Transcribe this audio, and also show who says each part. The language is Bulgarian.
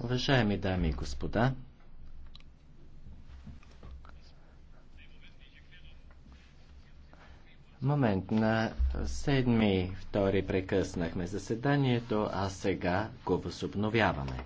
Speaker 1: Уважаеми дами и господа,
Speaker 2: момент на 7 втори прекъснахме заседанието, а сега го възобновяваме.